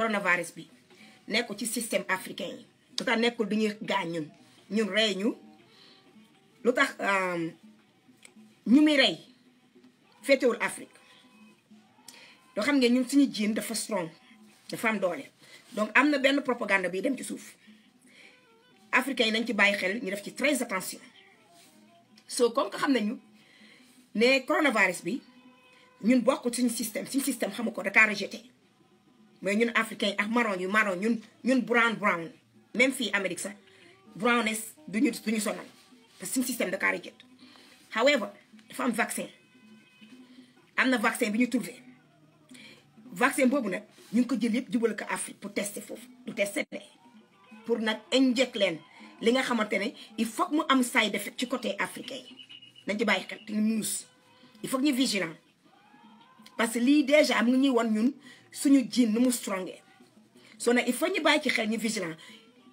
coronavirus bi nekkul ci système africain yi lu tax nekkul du ñuy gaañ ñun ñun rey ñu lu tax euh, ñu muy rey féetewul Afrique doo xam ngeen ñun suñu jiin dafa strong dafa am doole donc am na benn propagande bi dem ci suuf africain yi nañ ci bàyyi xel ñu def ci très attention soo comme que xam nañu ne coronavirus bi ñun bokkul suñu système suñu système xamu ko da kaa mais ñun africain ak marron yu marron ñun ñun brown brown même fii Amérique sax brownness duñu duñu sonal parce que suñu système da kaa rejet however dafa am vaccin am na vaccin bi ñu trouvé vaccin boobu nag ñu ngi ko jël yëpp jubal ko Afrique pour tester foofu du tester de pour nag inject leen li nga xamante ne il faut mu am side effect ci côté africain yi nañ ci bàyyi xel te muus il faut ñu vigilant parce que lii déjà am ngi ñuy won ñun suñu jiin nu mu strongé so nag il faut ñu bàyyi ci xel ñu vigilant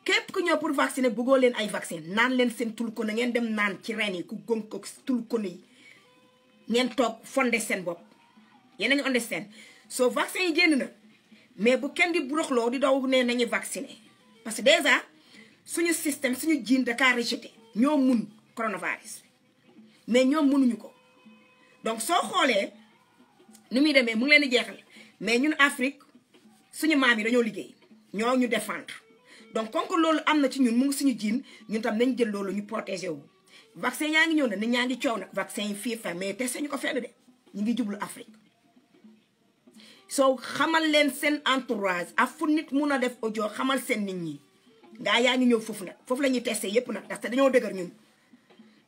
képp ku ñëw pour vacciner bëggoo leen ay vaccin naan leen seen tulkone ngeen dem naan ci reen yi ku góog ko tulkone yi ngeen toog fonde seen bopp yéen a ngi understand soo vaccin yi génn na mais bu kenn di buroxloo di daw ne nañu vacciner parce que déjà suñu système suñu jiin dakaa rejeté ñoo mun coronavirus mais ñoom munuñu ko donc soo xoolee nu muy demee mu ngi leen di jeexal mais ñun Afrique suñu maam yi dañoo liggéey ñoo ñu défendre donc kon loolu am na ci ñun mu ngi suñu jiin ñun tam nañ jël loolu ñu protéger wu. vaccin yaa ngi ñëw na nit ñaa coow nag vaccin yi fii fa mais testé ñu ko fenn de ñu ngi jublu Afrique soo xamal leen seen entourage ak fu nit mun a def audio xamal seen nit ñi. ngaa yaa ngi ñëw foofu nag foofu la ñuy testé yépp nag parce que dañoo dëgër ñun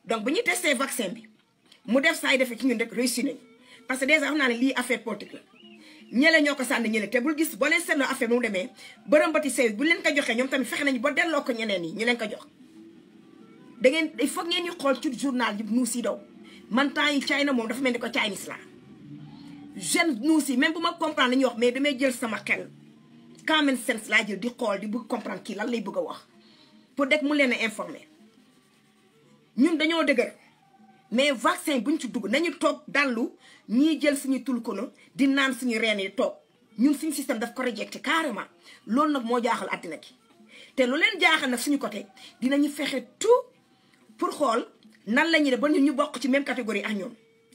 donc bu ñu testé vaccin bi mu def saa defee ci ñun rek réussir nañu parce que déjà xam naa ne lii affaire politique ñële ñoo ko sànni ñële te bul gis boo leen seetloo affaire bi mu demee bërëm bati sew bu leen ko joxee ñoom tamit fexe nañu ba delloo ko ñeneen yi ñu leen ko jox da ngeen il faut ngeen ñu xool ci journal yi nuus yi daw man temps yi China moom dafa mel ni ko Chinese la jeune nuus yi même bu ma comprendre la ñuy wax mais damay jël sama xel common sense laa jël di xool di bëgg comprendre kii lan lay bugg a wax pour deg mu leen a informer ñun dañoo dëgër mais vaccin buñ ci dugg nañu toog dallu ñii jël suñu tulkono di naan suñu reen yi toog ñun suñu système daf ko rejeté carrément loolu nag moo jaaxal àddina ki te lu leen jaaxal nag suñu côté dinañu fexe tout pour xool nan la ñuy def ba ñun ñu bokk ci même catégorie ak ñoom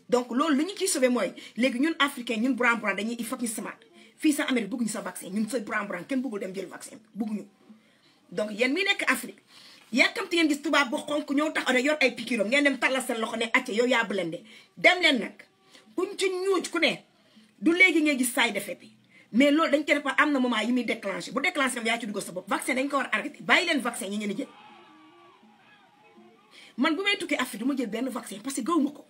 donc loolu lu ñu ciy sauvé mooy léegi ñun africain ñun bran bran dañuy il faut ñu smart fii sa Amérique bëgguñu sa vaccin ñun sa bran bran kenn bëggul dem jël vaccin bëgguñu donc yéen mi nekk Afrique yàkkamti ngeen gis tubaab bu xonk ñëw tax ada yor ay pikiram ngeen dem tallal seen loxo ne acce yow yaa blende dem leen nag kuñ ci ñuuj ku ne du léegi ngay gis saay defee bi mais loolu dañ koy am na moment yi muy déclenché bu déclenché tam yaa ci dugg ko war a arrêté man bu may tukki Afrique du ma jël benn vaccin parce que gaw ma ko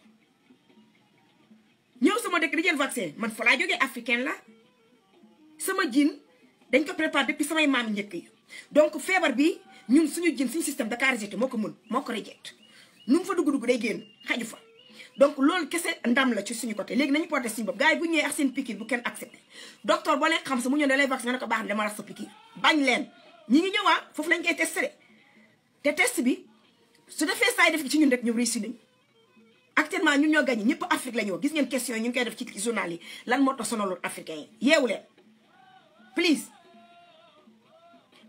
dëkk di jël vaccin man fa laa jógee africain la sama jiin dañ ko préparé depuis samay maam njëkk yi donc feebar bi ñun suñu jën suñu système Dakar rejeté moo ko mën moo ko rejeté nu mu fa dugg dugg day génn xaju fa donc loolu kese ndam la ci suñu côté léegi nañu porté suñu bopp gars yi bu ñëwee ak seen piqûre bu kenn accepté docteur boo xam sa mu ñëw da lay na dama rax sa piqûre leen ñi ngi ñëwaa foofu lañ koy testé te test bi su defee saa yi def ci ñun ñoo ñoom réussi nañ actuellement ñun ñoo gagné ñëpp Afrique la ñoo gis ngeen question yi ñu ngi koy def ci journal yi lan moo tax sonaloon africain yi yeewu leen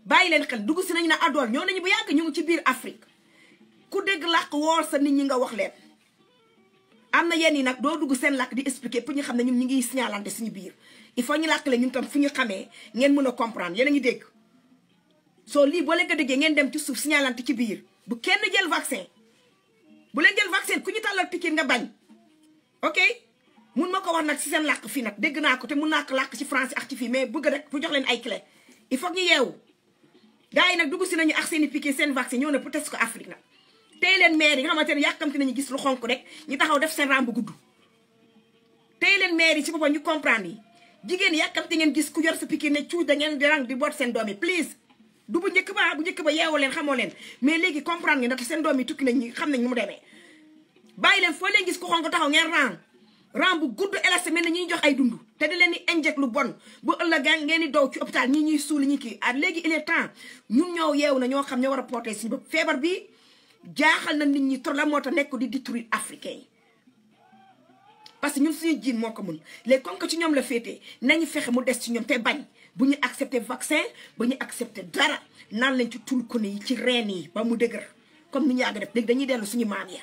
bàyyi leen xel dugg si nañ ne adool ñoo nañu bu yàgg ñu ngi ci biir Afrique ku dégg làkk woor sa nit ñi nga wax leen am na yenn yi nag doo dugg seen làkk di expliquer pour ñu xam ne ñun ñu ngi signalante suñu biir il faut ñu làkkale ñun tam fu ñu xamee ngeen mën a comprendre yéen a ngi soo lii boo leen ko déggee ngeen dem ci suuf signalante ci biir bu kenn jël vaccin bu leen jël vaccin ku ñu tàllal pikiir nga bañ ok mun ma ko wax nag si seen làkk fii nag dégg naa ko te mu naa ko làkk ci français ak mais bëgg rek bu jox leen ay clé il faut ñu yeewu gars yi nag dugg si nañu ak seen i piqué seen vaccin ñëw na pour test ko Afrique nag tey leen maire yi nga xamante ne nañu gis lu xonk rek ñu taxaw def seen rambu gudd tey leen maire yi ci boppam ñu comprendre yi jigéen yàkkamti ngeen gis ku yor sa piqué ne cuuj da ngeen di rang di boot seen doom yi please du bu njëkk ba bu ba yeewoo leen xamoo leen mais léegi comprendre ngeen ndax seen doom yi tukki nañ ñi xam nañ nu mu demee bàyyi leen foo leen gis ku xonk taxaw ngeen rang ram bu gudd élastique mel na ñuy jox ay dund te di leen di injecté lu bon bu ëllëgee ngeen di dow ci hôpital ñi ñuy suul ñi kii ah léegi il est temps ñun ñoo yeewu na ñoo xam ñoo war a porté suñu bopp feebar bi jaaxal na nit ñi trop la moo tax nekk di détruire africain yi parce que ñun suñu jiin moo ko mën léegi comme ci ñoom la féetee nañu fexe mu des ci ñoom te bañ bu ñu accepté vaccin ba ñu accepté dara naan lañ ci tul ko yi ci reen yi ba mu dëgër comme ni ñu yàgg def léegi dañu dellu suñu maam ya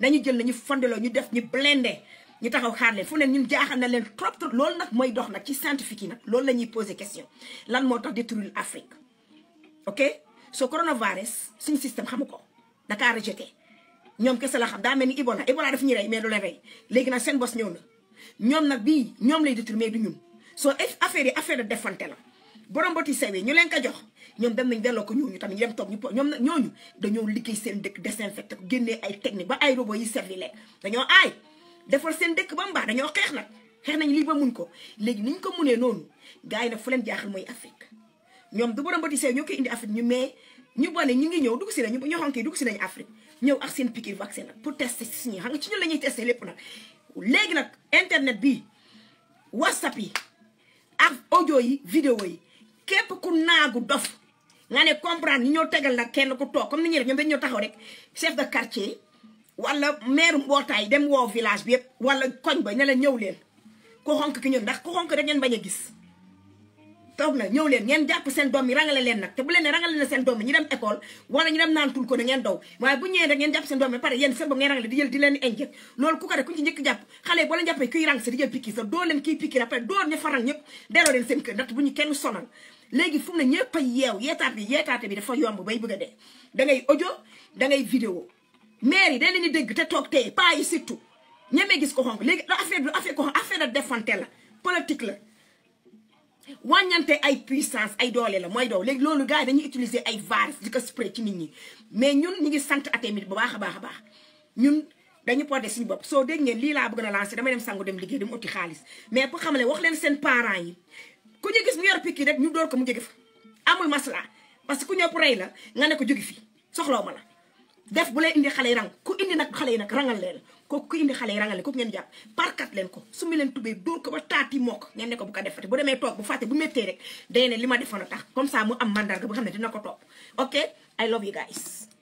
nañu jël nañu fondeloo ñu def ñu blindé ñu taxaw xaar leen fu ne ñun jaaxal na leen trop trop loolu nag mooy dox nag ci scientifique yi nag loolu la ñuy poser question lan moo tax détruire Afrique ok so coronavirus suñu xamu ko dakaa rejeté ñoom kese la xam daa mel ni Ebola Ebola ñu rey mais du nag seen bos ñëw na ñoom nag bii ñoom lay détruire mais du ñun soo e, affaire yi affaire de defante la borom boti sew ñu leen ko jox ñoom dem nañ delloo ko ñooñu tamit ñu dem toog ñu po ñoom ñooñu dañoo liggéey seen dëkk désinfecté ko génnee ay technique ba ay robot yi servi dañoo aay defal seen dëkk ba mu baax dañoo xeex nag xeex nañ lii ba mun ko léegi niñ ko munee noonu gars yi nag fu leen jaaxal mooy Afrique ñoom du borom ba sew ñoo koy indi Afrique ñu mais ñu bone ñu ngi ñëw dugg si nañu ñoo xam ne dugg si nañu Afrique ñëw ak seen piqûre vaccin nag pour tester si ñi xam nga ci ñun la ñuy tester lépp nag léegi nag internet bi whatsapp yi ak audio yi vidéo yi képp ku naagu dof nga ne comprendre ñu ñoo tegal nag kenn ku toog comme ni ñuy def ñoom dañ ñoo taxaw rek chef de quartier wala meeru mbootaay dem woo village bi yëpp wala koñ ba ne la ñëw leen ku xonk ki ñun ndax ku xonk rek ngeen bañ a gis toog na ñëw leen ngeen jàpp seen doom yi rangale leen nag te bu leen ne na seen doom yi ñu dem école wala ñu dem naan bu ñëwee rek ngeen jàpp seen doom yi pare yéen seen bopp ngeen rangale di jël di leen injët loolu ku ko def ku ñu ci njëkk jàpp xale boo leen jàppee kuy ñëpp delloo leen seen kër ndax bu ñu kenn sonal léegi fu mu ne a yeew yeetaat bi yeetaate bi dafa yomb bay bëgg a dee da ngay audio da maire yi dañ dégg te toog tey pas yi surtout ñemee gis ko xonk léegi affaire bi affaire ko xonk affaire de defante la politique la wàññante ay puissance ay doole la mooy doow léegi loolu gars yi dañuy utiliser ay var di ko spray ci nit ñi mais ñun ñu ngi sant atémit bu baax a baax a baax ñun dañu porté suñu bopp soo dégg ngeen lii laa bëgg na lancé damay dem sangu dem liggéey dama uti xaalis mais pour xamale wax leen seen parents yi ku ñu gis mu yor piki rek ñu door ko mu jóge fa amul masla parce que ku ñëpp la nga ne ko jóge fi soxlaw ma la def bu leen indi xale yi rang ku indi nag xale yi nag rangal leen kooku ku indi xale yi rangal leen kooku ngeen jàpp parkat leen ko su mi leen tubee dóor ko ba taati mokk ngeen ne ko bu ko defati bu demee toog bu fàtte bu méttee rek day ne li ma defoon a tax comme ça mu am mandarga bu xam ne dina ko topp ok I love you guys